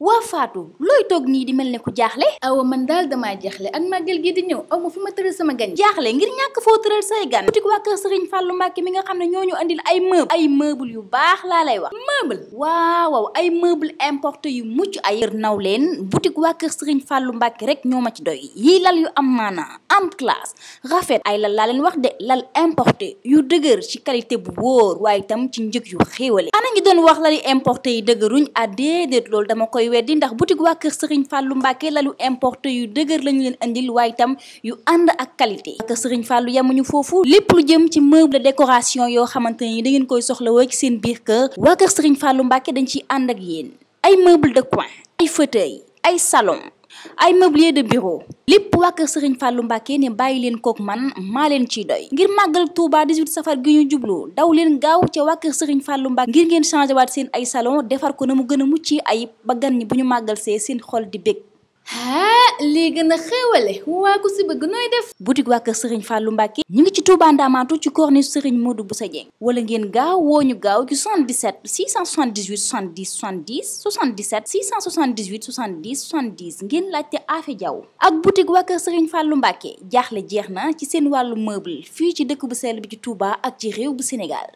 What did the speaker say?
waa Fatou looy toog nii di mel ne ku jaaxle awa man daal damaa jaaxle ak màggal gi di ñëw aw ma fi ma tëral sama gan jaaxle ngir ñàkk foo tëral say gan boutique waa kër Serigne Fallou Mbacké mi nga xam ne ñoo ñu andil ay meuble ay meuble yu baax laa lay wax meuble waaw waaw ay meuble importé yu mucc ay naw leen boutique waa kër Serigne Fallou Mbacké rek ñoo ma ci doy yii lal yu am maanaa am rafet ay lal laa leen wax de lal importé yu dëgër ci qualité bu wóor waaye itam ci njëg yu xéewale ana ngi doon wax lali importé yi dëgëruñ ah déedéet loolu dama koy weddi ndax boutique waa kër Serigne fàllu Mbacké lalu importé yu dëgër lañu leen indil waaye itam yu ànd ak qualité waa kër Serigne Fallou yemuñu foofu lépp lu jëm ci meuble décoration yoo xamante ni da ngeen koy soxla woo ci seen biir kër waa kër Serigne Fallou Mbacké dañ ciy ànd ak yéen ay meuble de ay fauteuil ay meublé de bureau lépp waa kër Serigne Fallou Mbacké ne bàyyi leen kook man maa leen ciy doy ngir màggal Touba 18 safar gi ñu jublu daw leen gaaw ca waa kër Serigne Fallou Mbacké ngir ngeen changé waat seen ay salon defar ko na mu gën a mucc ayib ba gan ñi bu ñu màggal see seen xol di bég ah lii gën a xéewale waa ku si bëgg nooy def boutique waa kër Serigne Fallou Mbacke ñu ngi ci Touba Ndamatou ci corniche Serigne Modou bu Dieng wala ngeen gaaw woo ñu gaaw ci 77 678 70 70 77 678 70 70 ngeen laajte Afe Diaw ak boutique waa kër Serigne Fallou Mbacke jaaxle jeex na ci seen wàllu meuble fii ci dëkk bu sell bi ci Touba ak ci réew bu Sénégal